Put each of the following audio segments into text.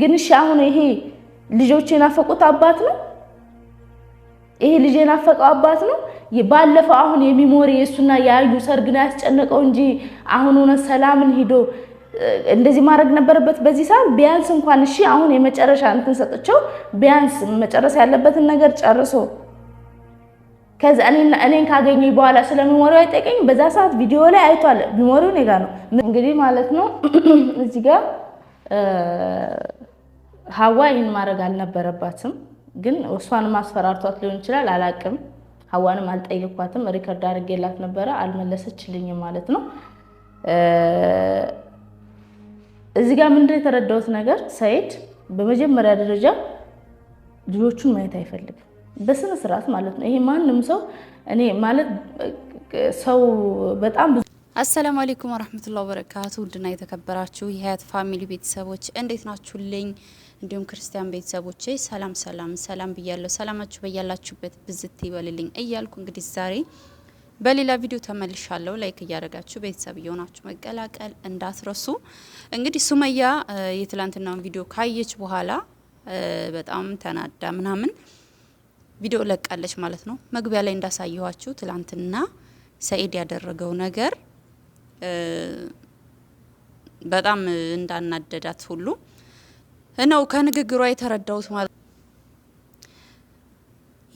ግን እሺ፣ አሁን ይሄ ልጆች የናፈቁት አባት ነው። ይሄ ልጅ የናፈቀው አባት ነው። ባለፈው አሁን የሚሞሪ የእሱና የአዩ ሰርግ ነው ያስጨነቀው እንጂ አሁን እውነት ሰላምን ሂዶ እንደዚህ ማድረግ ነበረበት። በዚህ ሰዓት ቢያንስ እንኳን እሺ፣ አሁን የመጨረሻ እንትን ሰጥቼው ቢያንስ መጨረስ ያለበትን ነገር ጨርሶ ከዛ እኔን ካገኘ በኋላ ስለ አይጠቀኝ። በዛ ሰዓት ቪዲዮ ላይ አይቷል። ሚሞሪው እኔ ጋ ነው እንግዲህ ማለት ነው እዚህ ጋር ሀዋ ይህን ማድረግ አልነበረባትም። ግን እሷን ማስፈራርቷት ሊሆን ይችላል፣ አላቅም። ሀዋንም አልጠየኳትም። ሪከርድ አድርጌላት ነበረ፣ አልመለሰችልኝም ማለት ነው። እዚህ ጋር ምንድን የተረዳሁት ነገር ሰኢድ በመጀመሪያ ደረጃ ልጆቹን ማየት አይፈልግም፣ በስነ ስርዓት ማለት ነው። ይሄ ማንም ሰው እኔ ማለት ሰው በጣም ብዙ አሰላሙ አሌይኩም ወረህመቱላሂ ወበረካቱ ውድና የተከበራችሁ የሀያት ፋሚሊ ቤተሰቦች እንዴት ናችሁልኝ? እንዲሁም ክርስቲያን ቤተሰቦቼ ሰላም ሰላም ሰላም ብያለሁ። ሰላማችሁ በያላችሁበት ብዝት ይበልልኝ እያልኩ እንግዲህ ዛሬ በሌላ ቪዲዮ ተመልሻለሁ። ላይክ እያደረጋችሁ ቤተሰብ እየሆናችሁ መቀላቀል እንዳትረሱ። እንግዲህ ሱመያ የትላንትናውን ቪዲዮ ካየች በኋላ በጣም ተናዳ ምናምን ቪዲዮ ለቃለች ማለት ነው። መግቢያ ላይ እንዳሳየኋችሁ ትላንትና ሰኢድ ያደረገው ነገር በጣም እንዳናደዳት ሁሉ ነው ከንግግሯ የተረዳሁት ማለት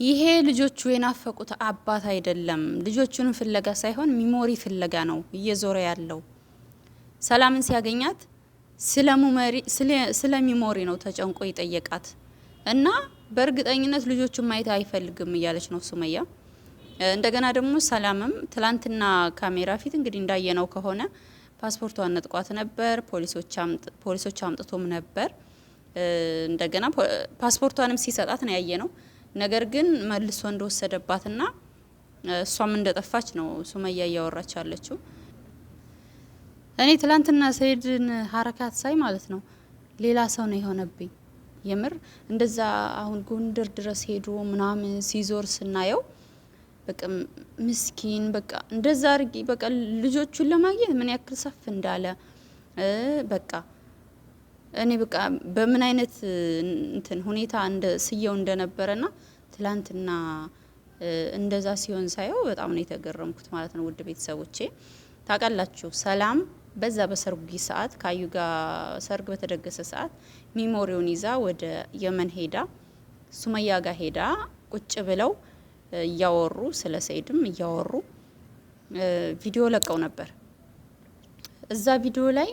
ይሄ ልጆቹ የናፈቁት አባት አይደለም። ልጆቹን ፍለጋ ሳይሆን ሚሞሪ ፍለጋ ነው እየዞረ ያለው። ሰላምን ሲያገኛት ስለ ሚሞሪ ነው ተጨንቆ ይጠየቃት እና በእርግጠኝነት ልጆቹን ማየት አይፈልግም እያለች ነው ሱመያ። እንደገና ደግሞ ሰላምም ትላንትና ካሜራ ፊት እንግዲህ እንዳየነው ከሆነ ፓስፖርቷን ነጥቋት ነበር። ፖሊሶች አምጥቶም ነበር እንደገና ፓስፖርቷንም ሲሰጣት ነው ያየ ነው። ነገር ግን መልሶ እንደወሰደባትና እሷም እንደጠፋች ነው ሱመያ እያወራች ያለችው። እኔ ትላንትና ሰይድን ሀረካት ሳይ ማለት ነው ሌላ ሰው ነው የሆነብኝ። የምር እንደዛ አሁን ጎንደር ድረስ ሄዶ ምናምን ሲዞር ስናየው በቃ ምስኪን በቃ እንደዛ አርጊ በቃ ልጆቹን ለማግኘት ምን ያክል ሰፍ እንዳለ በቃ እኔ በቃ በምን አይነት እንትን ሁኔታ እንደ ስየው እንደነበረና ትላንትና እንደዛ ሲሆን ሳየው በጣም ነው የተገረምኩት ማለት ነው። ውድ ቤተሰቦቼ ታውቃላችሁ፣ ሰላም በዛ በሰርጉ ሰዓት ከአዩ ጋር ሰርግ በተደገሰ ሰዓት ሚሞሪውን ይዛ ወደ የመን ሄዳ ሱመያ ጋር ሄዳ ቁጭ ብለው እያወሩ ስለ ሰይድም እያወሩ ቪዲዮ ለቀው ነበር። እዛ ቪዲዮ ላይ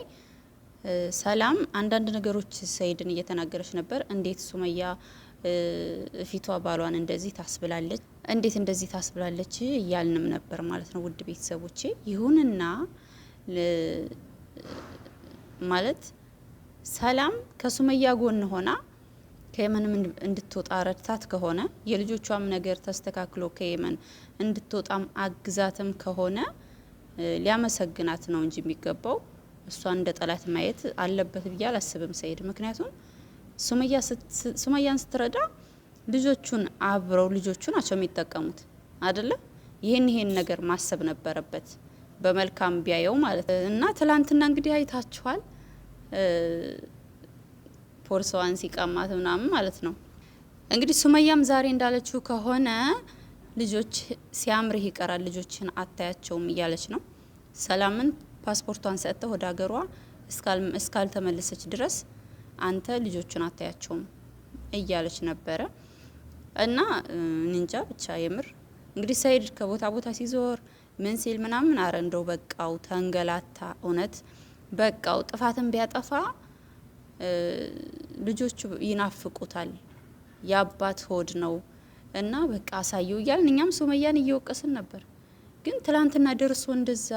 ሰላም አንዳንድ ነገሮች ሰይድን እየተናገረች ነበር። እንዴት ሱመያ ፊቷ ባሏን እንደዚህ ታስብላለች፣ እንዴት እንደዚህ ታስብላለች እያልንም ነበር ማለት ነው። ውድ ቤተሰቦቼ ይሁንና ማለት ሰላም ከሱመያ ጎን ሆና ከየመንም እንድትወጣ ረድታት ከሆነ የልጆቿም ነገር ተስተካክሎ ከየመን እንድትወጣም አግዛትም ከሆነ ሊያመሰግናት ነው እንጂ የሚገባው እሷን እንደ ጠላት ማየት አለበት ብዬ አላስብም ሰይድ። ምክንያቱም ሱመያን ስትረዳ ልጆቹን አብረው ልጆቹ ናቸው የሚጠቀሙት አይደለም። ይህን ይሄን ነገር ማሰብ ነበረበት በመልካም ቢያየው ማለት እና ትላንትና እንግዲህ አይታችኋል ፖርሰዋን ሲቀማት ምናምን ማለት ነው። እንግዲህ ሱመያም ዛሬ እንዳለችው ከሆነ ልጆች ሲያምርህ ይቀራል ልጆችን አታያቸውም እያለች ነው ሰላምን ፓስፖርቷን ሰጥተህ ወደ ሀገሯ እስካልተመለሰች ድረስ አንተ ልጆቹን አታያቸውም እያለች ነበረ። እና እንጃ ብቻ የምር እንግዲህ ሰይድ ከቦታ ቦታ ሲዞር ምን ሲል ምናምን አረ እንደው በቃው ተንገላታ። እውነት በቃው ጥፋትን ቢያጠፋ ልጆቹ ይናፍቁታል። የአባት ሆድ ነው እና በቃ አሳየው እያልን እኛም ሱመያን እየወቀስን ነበር። ግን ትላንትና ደርሶ እንደዛ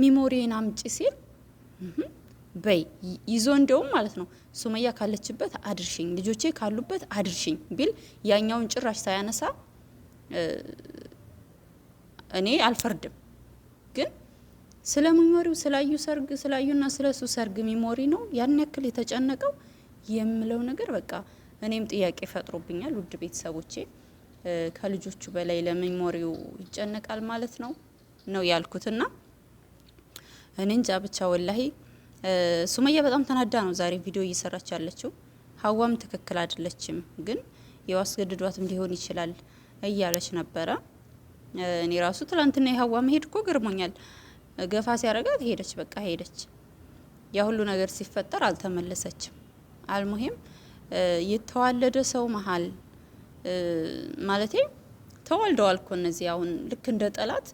ሚሞሪን አምጪ ሲል በይ ይዞ እንደውም ማለት ነው ሱመያ ካለችበት አድርሽኝ፣ ልጆቼ ካሉበት አድርሽኝ ቢል ያኛውን ጭራሽ ሳያነሳ እኔ አልፈርድም። ግን ስለ ሚሞሪው ስላዩ ሰርግ ስላዩና ስለ እሱ ሰርግ ሚሞሪ ነው ያን ያክል የተጨነቀው የምለው ነገር በቃ እኔም ጥያቄ ፈጥሮብኛል። ውድ ቤተሰቦቼ ከልጆቹ በላይ ለሚሞሪው ይጨነቃል ማለት ነው ነው ያልኩትና እኔ እንጃ ብቻ ወላሂ ሱመያ በጣም ተናዳ ነው ዛሬ ቪዲዮ እየሰራች ያለችው። ሀዋም ትክክል አይደለችም፣ ግን ያው አስገድዷትም ሊሆን ይችላል እያለች ነበረ። እኔ ራሱ ትላንትና የሀዋ መሄድ እኮ ገርሞኛል። ገፋ ሲያረጋት ሄደች፣ በቃ ሄደች። ያ ሁሉ ነገር ሲፈጠር አልተመለሰችም። አልሙሂም የተዋለደ ሰው መሀል ማለቴ ተዋልደዋል እኮ እነዚህ አሁን ልክ እንደ ጠላት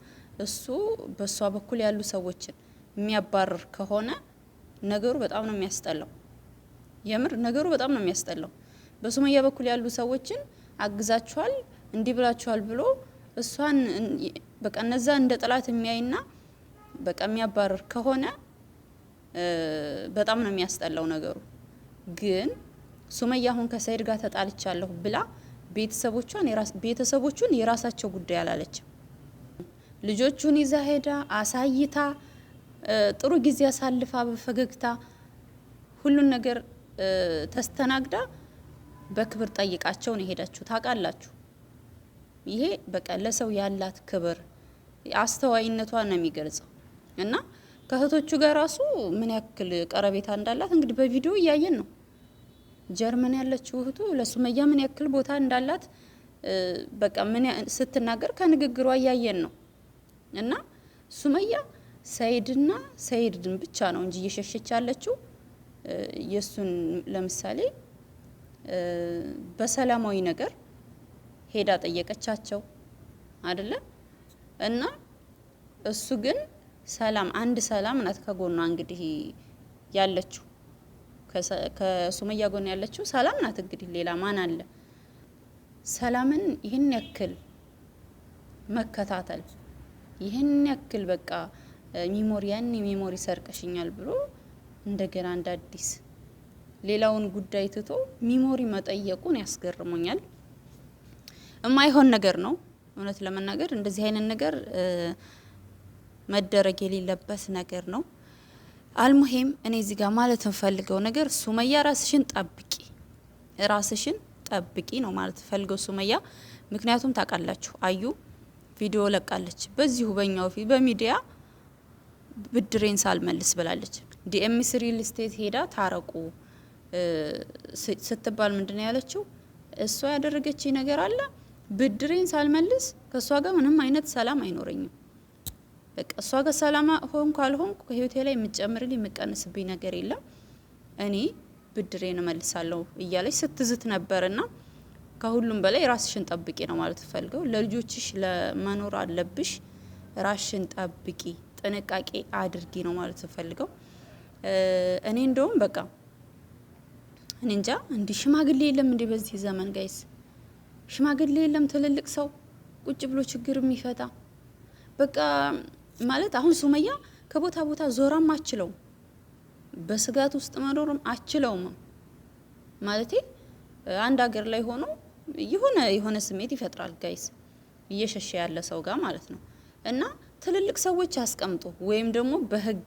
እሱ በእሷ በኩል ያሉ ሰዎችን የሚያባርር ከሆነ ነገሩ በጣም ነው የሚያስጠላው። የምር ነገሩ በጣም ነው የሚያስጠላው። በሱመያ በኩል ያሉ ሰዎችን አግዛችኋል፣ እንዲህ ብላችኋል ብሎ እሷን በቃ እነዛ እንደ ጠላት የሚያይና በቃ የሚያባርር ከሆነ በጣም ነው የሚያስጠላው ነገሩ። ግን ሱመያ አሁን ከሰይድ ጋር ተጣልቻለሁ ብላ ቤተሰቦቿን ቤተሰቦቹን የራሳቸው ጉዳይ አላለችም። ልጆቹን ይዛ ሄዳ አሳይታ ጥሩ ጊዜ አሳልፋ በፈገግታ ሁሉን ነገር ተስተናግዳ በክብር ጠይቃቸው ነው ሄዳችሁ ታውቃላችሁ። ይሄ በቃ ለሰው ያላት ክብር አስተዋይነቷ ነው የሚገልጸው እና ከእህቶቹ ጋር ራሱ ምን ያክል ቀረቤታ እንዳላት እንግዲህ በቪዲዮ እያየን ነው። ጀርመን ያለችው እህቱ ለሱመያ ምን ያክል ቦታ እንዳላት በቃ ምን ስትናገር ከንግግሯ እያየን ነው እና ሱመያ ሰይድና ሰይድን ብቻ ነው እንጂ እየሸሸች ያለችው የሱን ለምሳሌ በሰላማዊ ነገር ሄዳ ጠየቀቻቸው አይደለ? እና እሱ ግን ሰላም አንድ ሰላም ናት ከጎኗ እንግዲህ ያለችው ከሱመያ ጎን ያለችው ሰላም ናት። እንግዲህ ሌላ ማን አለ? ሰላምን ይህን ያክል መከታተል ይህን ያክል በቃ ሚሞሪ ያኔ ሚሞሪ ሰርቀሽኛል ብሎ እንደገና እንደ አዲስ ሌላውን ጉዳይ ትቶ ሚሞሪ መጠየቁን ያስገርሞኛል። የማይሆን ነገር ነው። እውነት ለመናገር እንደዚህ አይነት ነገር መደረግ የሌለበት ነገር ነው። አልሙሄም እኔ እዚህ ጋር ማለት እንፈልገው ነገር ሱመያ ራስሽን ጠብቂ፣ ራስሽን ጠብቂ ነው ማለት ፈልገው ሱመያ። ምክንያቱም ታውቃላችሁ አዩ ቪዲዮ ለቃለች በዚሁ በእኛው ፊት በሚዲያ ብድሬን ሳልመልስ ብላለች። ዲኤምሲ ሪል ስቴት ሄዳ ታረቁ ስትባል ምንድን ያለችው እሷ ያደረገች ነገር አለ ብድሬን ሳልመልስ ከእሷ ጋር ምንም አይነት ሰላም አይኖረኝም። በቃ እሷ ጋር ሰላም ሆን ካልሆንኩ ከህይወቴ ላይ የምጨምርልኝ የምቀንስብኝ ነገር የለም እኔ ብድሬን እመልሳለሁ እያለች ስትዝት ነበርና ከሁሉም በላይ ራስሽን ጠብቂ ነው ማለት ፈልገው። ለልጆችሽ ለመኖር አለብሽ ራስሽን ጠብቂ ጥንቃቄ አድርጊ ነው ማለት ፈልገው። እኔ እንደውም በቃ እኔ እንጃ እንዲህ ሽማግሌ የለም እንዲህ በዚህ ዘመን ጋይስ፣ ሽማግሌ የለም ትልልቅ ሰው ቁጭ ብሎ ችግር የሚፈታ በቃ ማለት አሁን ሱመያ ከቦታ ቦታ ዞራም አችለውም፣ በስጋት ውስጥ መኖርም አችለውም። ማለቴ አንድ ሀገር ላይ ሆኖ የሆነ የሆነ ስሜት ይፈጥራል ጋይስ፣ እየሸሸ ያለ ሰው ጋር ማለት ነው እና ትልልቅ ሰዎች አስቀምጡ ወይም ደግሞ በህግ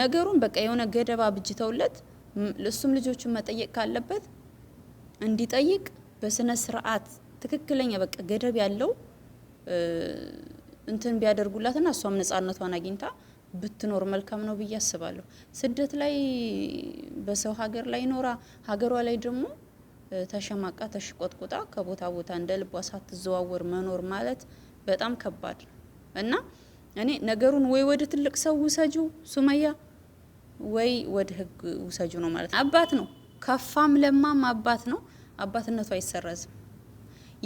ነገሩን በቃ የሆነ ገደብ አብጅተውለት እሱም ልጆቹን መጠየቅ ካለበት እንዲጠይቅ በስነ ስርዓት ትክክለኛ በቃ ገደብ ያለው እንትን ቢያደርጉላትና እሷም ነጻነቷን አግኝታ ብትኖር መልካም ነው ብዬ አስባለሁ። ስደት ላይ በሰው ሀገር ላይ ኖራ ሀገሯ ላይ ደግሞ ተሸማቃ ተሽቆጥቁጣ ከቦታ ቦታ እንደ ልቧ ሳትዘዋወር መኖር ማለት በጣም ከባድ እና እኔ ነገሩን ወይ ወደ ትልቅ ሰው ውሰጁ ሱመያ፣ ወይ ወደ ህግ ውሰጁ ነው ማለት ነው። አባት ነው፣ ከፋም ለማም አባት ነው። አባትነቱ አይሰረዝም፣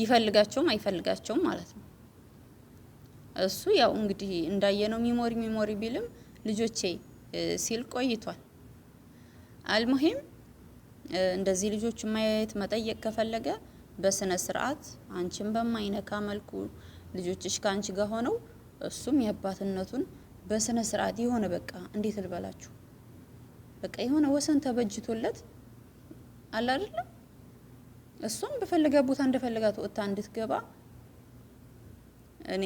ይፈልጋቸውም አይፈልጋቸውም ማለት ነው። እሱ ያው እንግዲህ እንዳየነው ሚሞሪ ሚሞሪ ቢልም ልጆቼ ሲል ቆይቷል። አልሙሂም እንደዚህ ልጆቹ ማየት መጠየቅ ከፈለገ በስነ ስርዓት አንቺን በማይነካ መልኩ ልጆችሽ ከአንቺ ጋር ሆነው እሱም የአባትነቱን በስነ ስርዓት የሆነ በቃ እንዴት ልበላችሁ በቃ የሆነ ወሰን ተበጅቶለት አለ አይደለም እሱም በፈለጋ ቦታ እንደፈለጋት ወጥታ እንድትገባ እኔ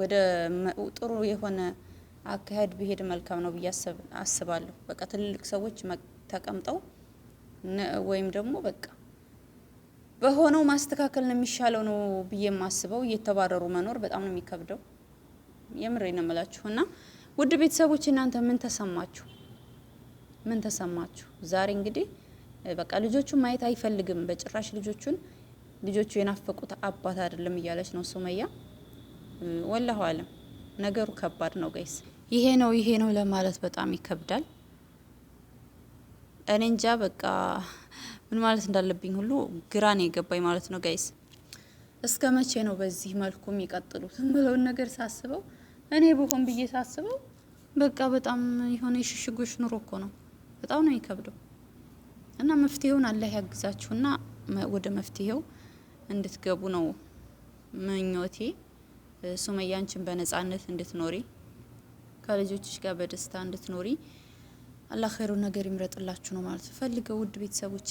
ወደ ጥሩ የሆነ አካሄድ ብሄድ መልካም ነው ብዬ አስባለሁ። በቃ ትልልቅ ሰዎች ተቀምጠው ወይም ደግሞ በቃ በሆነው ማስተካከል ነው የሚሻለው ነው ብዬ የማስበው። እየተባረሩ መኖር በጣም ነው የሚከብደው። የምሬ ነው የምላችሁ። እና ውድ ቤተሰቦች እናንተ ምን ተሰማችሁ? ምን ተሰማችሁ? ዛሬ እንግዲህ በቃ ልጆቹን ማየት አይፈልግም በጭራሽ ልጆቹን ልጆቹ የናፈቁት አባት አይደለም እያለች ነው ሱመያ። ወላሁ አለም ነገሩ ከባድ ነው ጋይስ። ይሄ ነው ይሄ ነው ለማለት በጣም ይከብዳል። እኔ እንጃ በቃ ምን ማለት እንዳለብኝ ሁሉ ግራ ነው የገባኝ ማለት ነው ጋይስ። እስከ መቼ ነው በዚህ መልኩ የሚቀጥሉት ብለውን ነገር ሳስበው እኔ ብሆን ብዬ ሳስበው በቃ በጣም የሆነ የሽሽጎች ኑሮ እኮ ነው። በጣም ነው የሚከብደው እና መፍትሄውን አላህ ያግዛችሁና ወደ መፍትሄው እንድትገቡ ነው ምኞቴ። ሱመያንችን በነጻነት እንድትኖሪ ከልጆችሽ ጋር በደስታ እንድትኖሪ አላህ ኸይሩን ነገር ይምረጥላችሁ ነው ማለት ፈልገው ውድ ቤተሰቦቼ።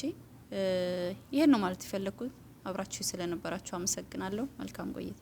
ይህን ነው ማለት የፈለግኩት። አብራችሁ ስለነበራችሁ አመሰግናለሁ። መልካም ቆይታ